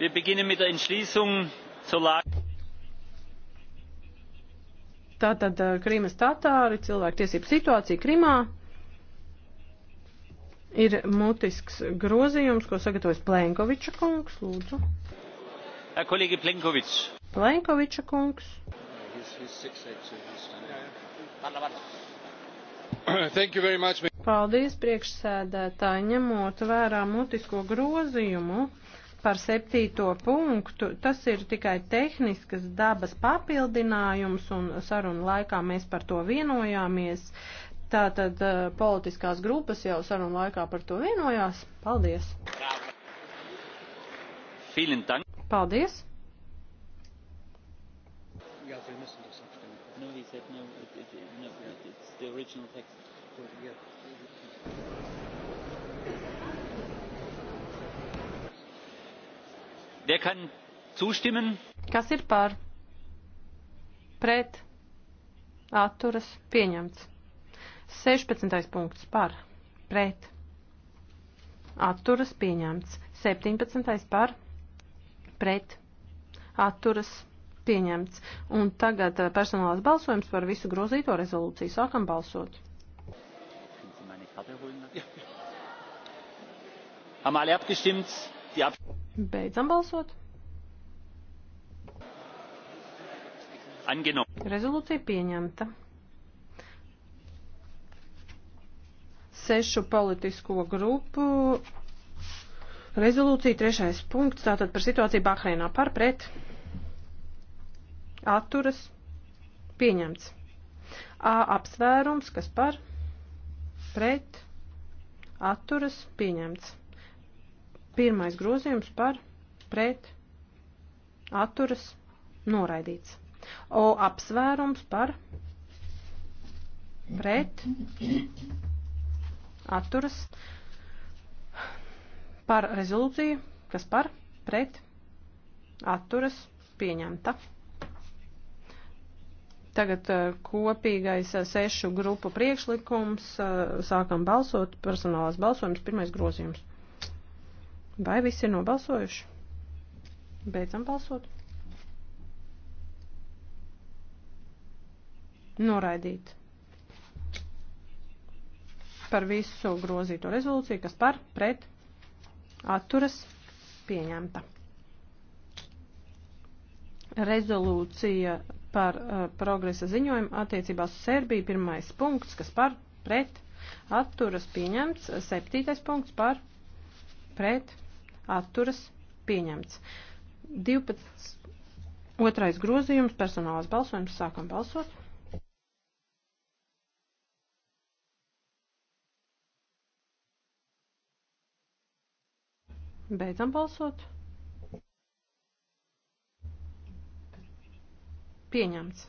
wir beginnen mit der entschließung zur lage Tātad Krīmas tatāri, cilvēktiesību situācija Krimā ir mutisks grozījums, ko sagatavojas Plenkoviča kungs, lūdzu. Ja, kolēģi Plenkovič. Plenkoviča kungs. Paldies priekšsēdētāji, ņemot vērā mutisko grozījumu par septīto punktu. Tas ir tikai tehniskas dabas papildinājums, un sarunu laikā mēs par to vienojāmies. Tātad eh, politiskās grupas jau sarunu laikā par to vienojās. Paldies! Paldies! Yeah, we mustn't do something. No, he said no. It, it, no, it, it's the original text. Yeah. Wer kann zustimmen? Kas ir par? Pret. Atturas. Pieņemts. 16. punkts par. Pret. Atturas. Pieņemts. 17. par. Pret. Atturas. Pieņemts. Un tagad eh, personālās balsojums par visu grozīto rezolūciju. Sākam balsot. Haben alle abgestimmt? Die Ab Beidzam balsot. Angeno. Rezolūcija pieņemta. Sešu politisko grupu rezolūcija trešais punkts, tātad par situāciju Bahreinā par pret. Atturas. Pieņemts. A apsvērums, kas par pret. Atturas. Pieņemts. Pirmais grozījums par pret atturas noraidīts. O apsvērums par pret atturas par rezolūciju, kas par pret atturas pieņemta. Tagad eh, kopīgais eh, sešu grupu priekšlikums. Eh, sākam balsot, personālās balsojums, pirmais grozījums. Vai visi ir nobalsojuši? Beidzam balsot. Noraidīt. Par visu grozīto rezolūciju, kas par pret atturas pieņemta. Rezolūcija par uh, progresa ziņojumu attiecībās uz Serbiju pirmais punkts, kas par pret atturas pieņemts, septītais punkts par pret atturas pieņemts. 12. Otrais grozījums, personālais balsojums, sākam balsot. Beidzam balsot. Pieņemts.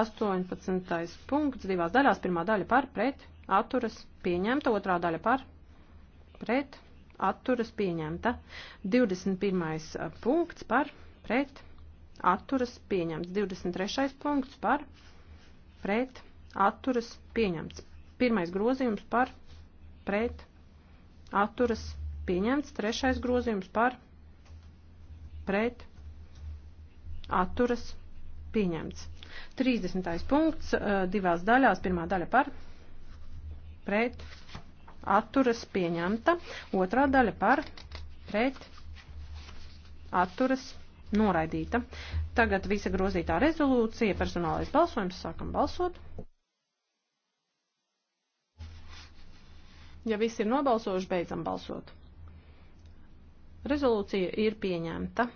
18. punkts divās daļās. Pirmā daļa par, pret, atturas, pieņemta. Otrā daļa par, pret, atturas pieņemta. 21. punkts par pret atturas pieņemts. 23. punkts par pret atturas pieņemts. Pirmais grozījums par pret atturas pieņemts. Trešais grozījums par pret atturas pieņemts. 30. punkts divās daļās. Pirmā daļa par pret atturas pieņemts atturas pieņemta, otrā daļa par pret atturas noraidīta. Tagad visa grozītā rezolūcija, personālais balsojums, sākam balsot. Ja visi ir nobalsojuši, beidzam balsot. Rezolūcija ir pieņemta.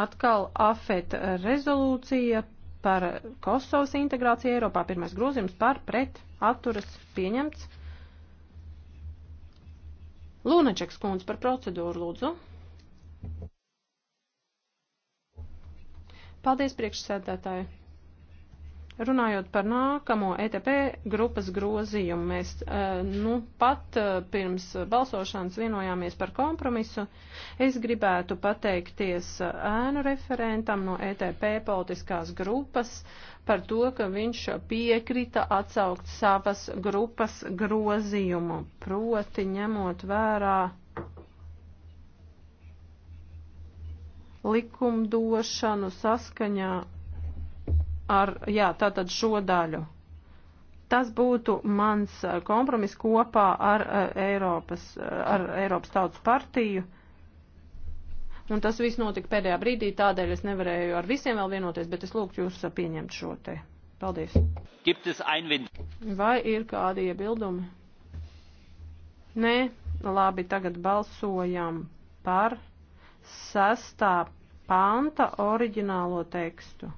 Atkal afet rezolūcija par Kosovas integrāciju Eiropā. Pirmais grozījums par pret atturas pieņemts. Lūnečeks kundze par procedūru lūdzu. Paldies priekšsēdētāji. Runājot par nākamo ETP grupas grozījumu, mēs eh, nu, pat eh, pirms balsošanas vienojāmies par kompromisu. Es gribētu pateikties eh, ēnu referentam no ETP politiskās grupas par to, ka viņš piekrita atsaukt savas grupas grozījumu, proti ņemot vērā likumdošanu saskaņā ar, jā, tātad šo daļu. Tas būtu mans eh, kompromis kopā ar eh, Eiropas, eh, ar Eiropas tautas partiju. Un tas viss notika pēdējā brīdī, tādēļ es nevarēju ar visiem vēl vienoties, bet es lūgtu jūs pieņemt šo te. Paldies. Vai ir kādi iebildumi? Nē, labi, tagad balsojam par sastā panta oriģinālo tekstu.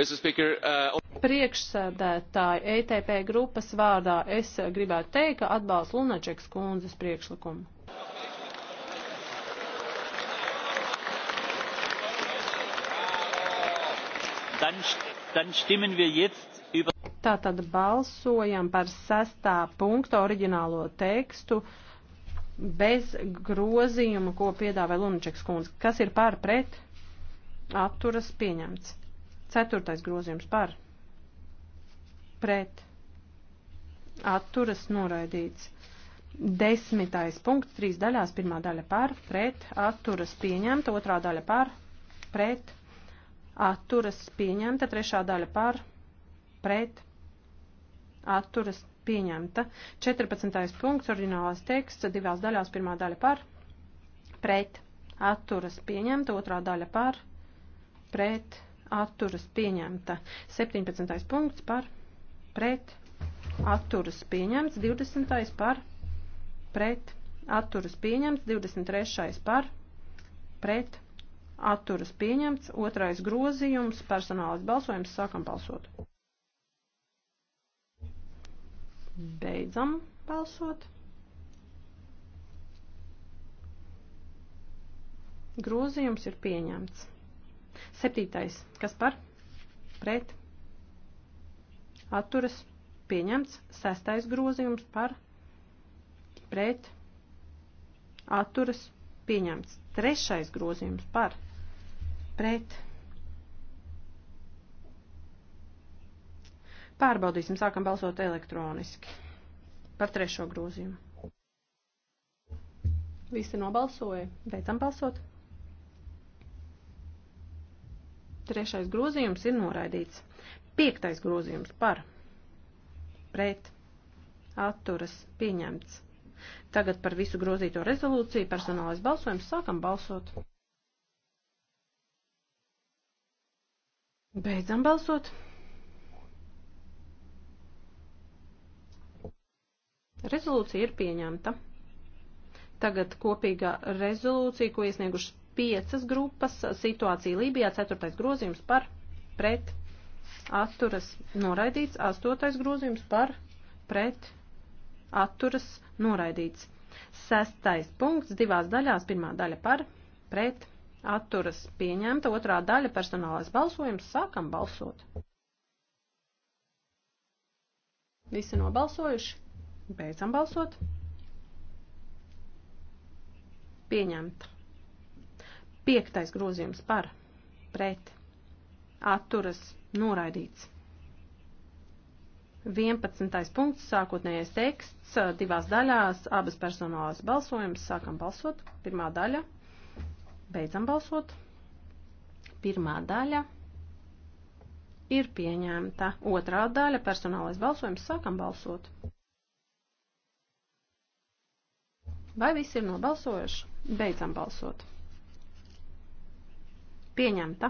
Uh, Priekšsēdētāji ETP grupas vārdā es gribētu teikt, ka atbalstu Lunačekas kundzes priekšlikumu. Dann, dann stimmen wir jetzt über. Tātad balsojam par sestā punkta oriģinālo tekstu bez grozījuma, ko piedāvā Lunačeks kundze. Kas ir pār pret? Atturas pieņemts. Ceturtais grozījums par pret atturas noraidīts. Desmitais punkts, trīs daļās, pirmā daļa par, pret, atturas pieņemta, otrā daļa par, pret, atturas pieņemta, trešā daļa par, pret, atturas pieņemta. 14. punkts, oriģinālais teksts, divās daļās, pirmā daļa par, pret, atturas pieņemta, otrā daļa par, pret, atturas pieņemta. 17. punkts par pret atturas pieņemts. 20. par pret atturas pieņemts. 23. par pret atturas pieņemts. Otrais grozījums personālais balsojums. Sākam balsot. Beidzam balsot. Grozījums ir pieņemts. Septītais. Kas par? Pret. Atturas. Pieņemts. Sestais grozījums par. Pret. Atturas. Pieņemts. Trešais grozījums par. Pret. Pārbaudīsim, sākam balsot elektroniski par trešo grozījumu. Visi nobalsoja. Beidzam balsot. Trešais grozījums ir noraidīts. Piektais grozījums par pret atturas pieņemts. Tagad par visu grozīto rezolūciju personālais balsojums sākam balsot. Beidzam balsot. Rezolūcija ir pieņemta. Tagad kopīgā rezolūcija, ko iesniegušas piecas grupas. Situācija Lībijā, ceturtais grozījums par pret atturas noraidīts, astotais grozījums par pret atturas noraidīts. Sestais punkts divās daļās, pirmā daļa par pret atturas pieņemta, otrā daļa personālais balsojums, sākam balsot. Visi nobalsojuši, beidzam balsot. Pieņemta. Piektais grozījums par pret atturas noraidīts. 11. punkts, sākotnējais teksts, divās daļās, abas personālās balsojums, sākam balsot, pirmā daļa, beidzam balsot, pirmā daļa ir pieņemta, otrā daļa, personālais balsojums, sākam balsot. Vai visi ir nobalsojuši? Beidzam balsot pieņemta.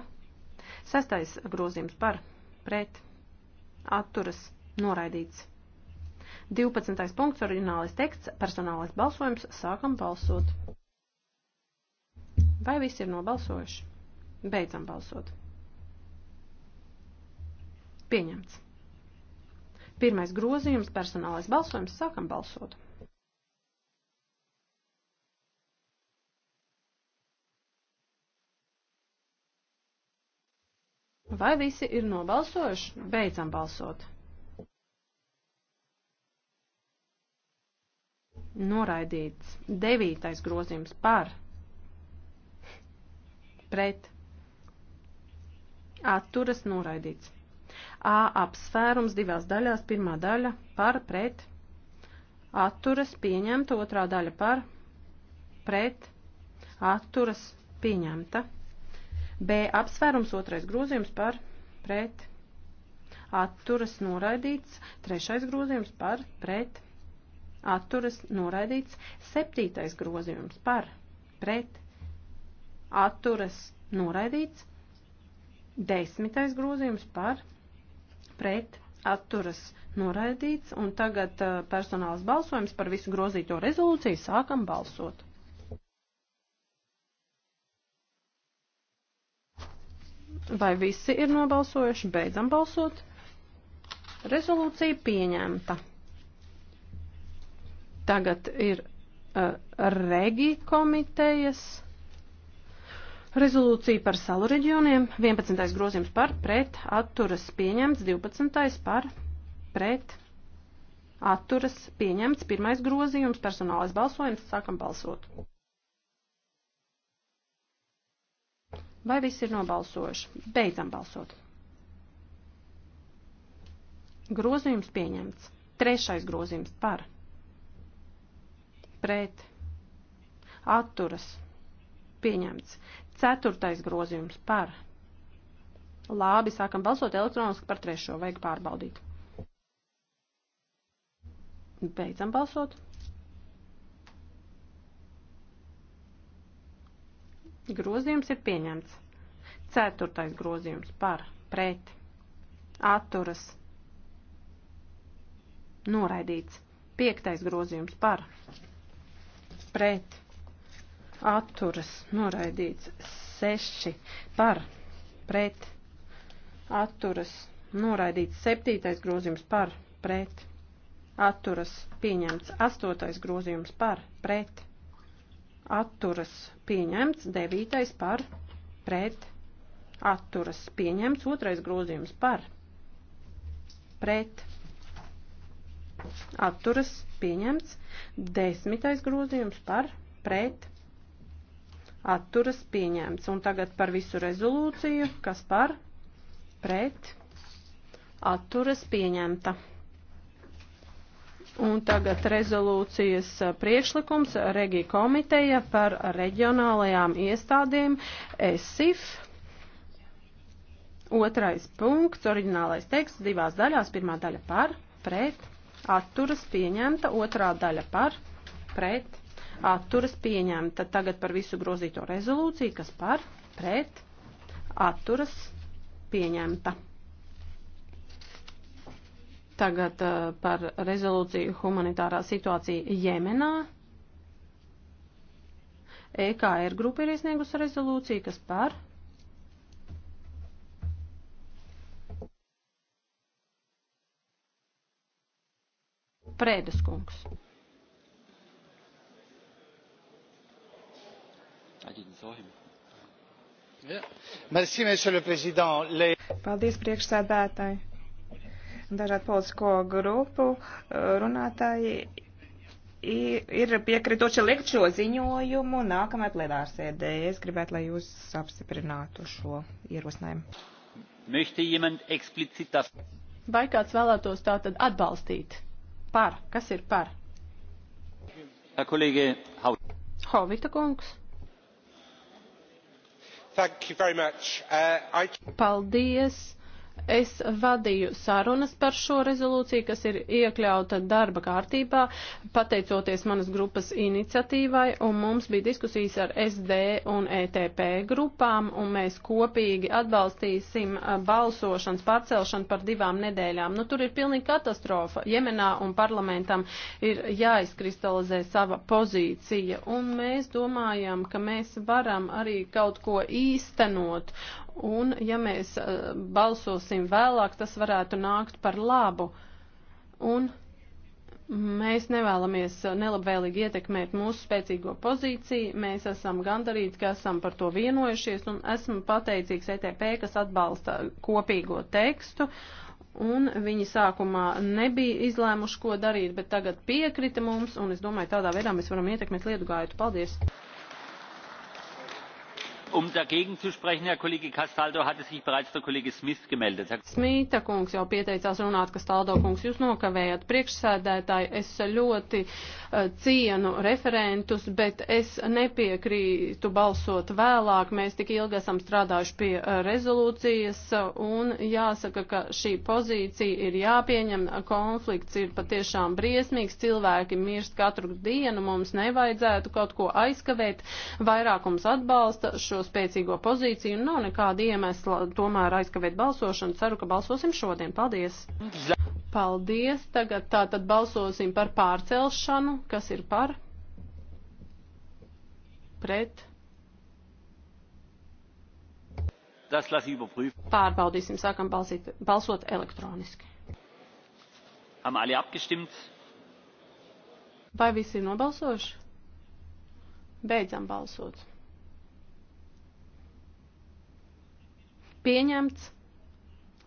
Sestais grozījums par pret atturas noraidīts. 12. punkts, oriģinālais teksts, personālais balsojums, sākam balsot. Vai visi ir nobalsojuši? Beidzam balsot. Pieņemts. Pirmais grozījums, personālais balsojums, sākam balsot. Vai visi ir nobalsojuši? Beidzam balsot. Noraidīts. Devītais grozījums par. Pret. Atturas noraidīts. A apsvērums divās daļās. Pirmā daļa par pret. Atturas pieņemta. Otrā daļa par pret. Atturas pieņemta. B apsvērums, otrais grozījums par pret atturas noraidīts, trešais grozījums par pret atturas noraidīts, septītais grozījums par pret atturas noraidīts, desmitais grozījums par pret atturas noraidīts, un tagad uh, personāls balsojums par visu grozīto rezolūciju sākam balsot. Vai visi ir nobalsojuši? Beidzam balsot. Rezolūcija pieņemta. Tagad ir uh, regi komitejas rezolūcija par salu reģioniem. 11. grozījums par pret atturas pieņemts, 12. par pret atturas pieņemts, 1. grozījums personālais balsojums, sākam balsot. Vai viss ir nobalsojuši? Beidzam balsot. Grozījums pieņemts. Trešais grozījums par. Pret. Atturas. Pieņemts. Ceturtais grozījums par. Labi, sākam balsot elektroniski par trešo. Vajag pārbaudīt. Beidzam balsot. Grozījums ir pieņemts. Ceturtais grozījums par pret atturas noraidīts. Piektais grozījums par pret atturas noraidīts. Seši par pret atturas noraidīts. Septītais grozījums par pret atturas pieņemts. Astotais grozījums par pret atturas atturas pieņemts, devītais par pret atturas pieņemts, otrais grozījums par pret atturas pieņemts, desmitais grozījums par pret atturas pieņemts. Un tagad par visu rezolūciju, kas par pret atturas pieņemta. Un tagad rezolūcijas priekšlikums Regija komiteja par reģionālajām iestādēm ESIF. Otrais punkts, oriģinālais teksts divās daļās. Pirmā daļa par, pret, atturas pieņemta. Otrā daļa par, pret, atturas pieņemta. Tagad par visu grozīto rezolūciju, kas par, pret, atturas pieņemta. Tagad uh, par rezolūciju humanitārā situācija Jemenā. EKR grupa ir iesniegusi rezolūciju, kas par. Prēdas kungs. Paldies priekšsēdētāji dažādu politisko grupu eh, runātāji ir piekritoši likt šo ziņojumu nākamajai plenārsēdē. Es gribētu, lai jūs apstiprinātu šo ierosinājumu. Vai kāds vēlētos tā tad atbalstīt? Par. Kas ir par? Herr Kollege Howitt. Hovita kungs. Thank you very much. Uh, I... Paldies. Es vadīju sarunas par šo rezolūciju, kas ir iekļauta darba kārtībā, pateicoties manas grupas iniciatīvai, un mums bija diskusijas ar SD un ETP grupām, un mēs kopīgi atbalstīsim balsošanas pārcelšanu par divām nedēļām. Nu, tur ir pilnīgi katastrofa. Jemenā un parlamentam ir jāizkristalizē sava pozīcija, un mēs domājam, ka mēs varam arī kaut ko īstenot, un ja mēs eh, balsosim vēlāk, tas varētu nākt par labu. Un Mēs nevēlamies eh, nelabvēlīgi ietekmēt mūsu spēcīgo pozīciju. Mēs esam gandarīti, ka esam par to vienojušies un esmu pateicīgs ETP, kas atbalsta kopīgo tekstu. Un viņi sākumā nebija izlēmuši, ko darīt, bet tagad piekrita mums, un es domāju, tādā veidā mēs varam ietekmēt lietu gaitu. Paldies! Um dagegen zu sprechen, Herr Kollege Castaldo, hatte sich bereits der Kollege Smith gemeldet. Smita kungs jau pieteicās runāt, Castaldo kungs, jūs nokavējat priekšsēdētāji. Es ļoti uh, cienu referentus, bet es nepiekrītu balsot vēlāk. Mēs tik ilgi esam strādājuši pie uh, rezolūcijas eh, un jāsaka, ka šī pozīcija ir jāpieņem. Konflikts ir patiešām briesmīgs. Cilvēki mirst katru dienu. Mums nevajadzētu kaut ko aizkavēt. Vairākums atbalsta šo savu spēcīgo pozīciju un nav nekāda iemesla tomēr aizkavēt balsošanu. Ceru, ka balsosim šodien. Paldies! Paldies! Tagad tātad balsosim par pārcelšanu. Kas ir par? Pret? Pārbaudīsim, sākam balsīt, balsot elektroniski. Vai visi ir nobalsojuši? Beidzam balsot. pieņemts.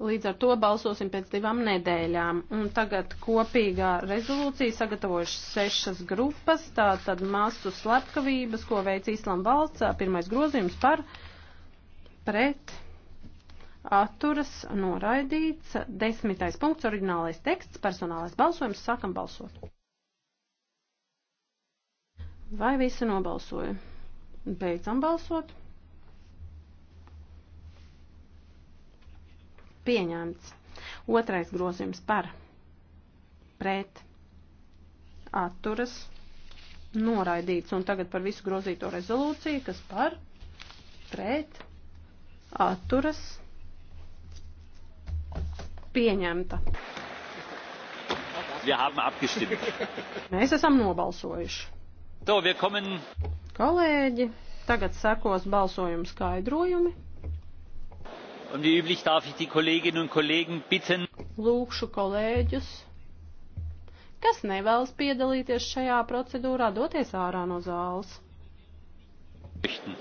Līdz ar to balsosim pēc divām nedēļām. Un tagad kopīgā rezolūcija sagatavojuši sešas grupas, tātad masu slepkavības, ko veic Īslam valsts, pirmais grozījums par pret atturas noraidīts, desmitais punkts, oriģinālais teksts, personālais balsojums, sākam balsot. Vai visi nobalsoja? Beidzam balsot. pieņemts. Otrais grozījums par pret atturas noraidīts. Un tagad par visu grozīto rezolūciju, kas par pret atturas pieņemta. Wir haben abgestimmt. Mēs esam nobalsojuši. So, wir kommen... Kolēģi, tagad sekos balsojumu skaidrojumi. Und wie üblich darf ich die Kolleginnen und Kollegen bitten. Lūkšu kolēģus, kas nevēlas piedalīties šajā procedūrā, doties ārā no zāles. Richten.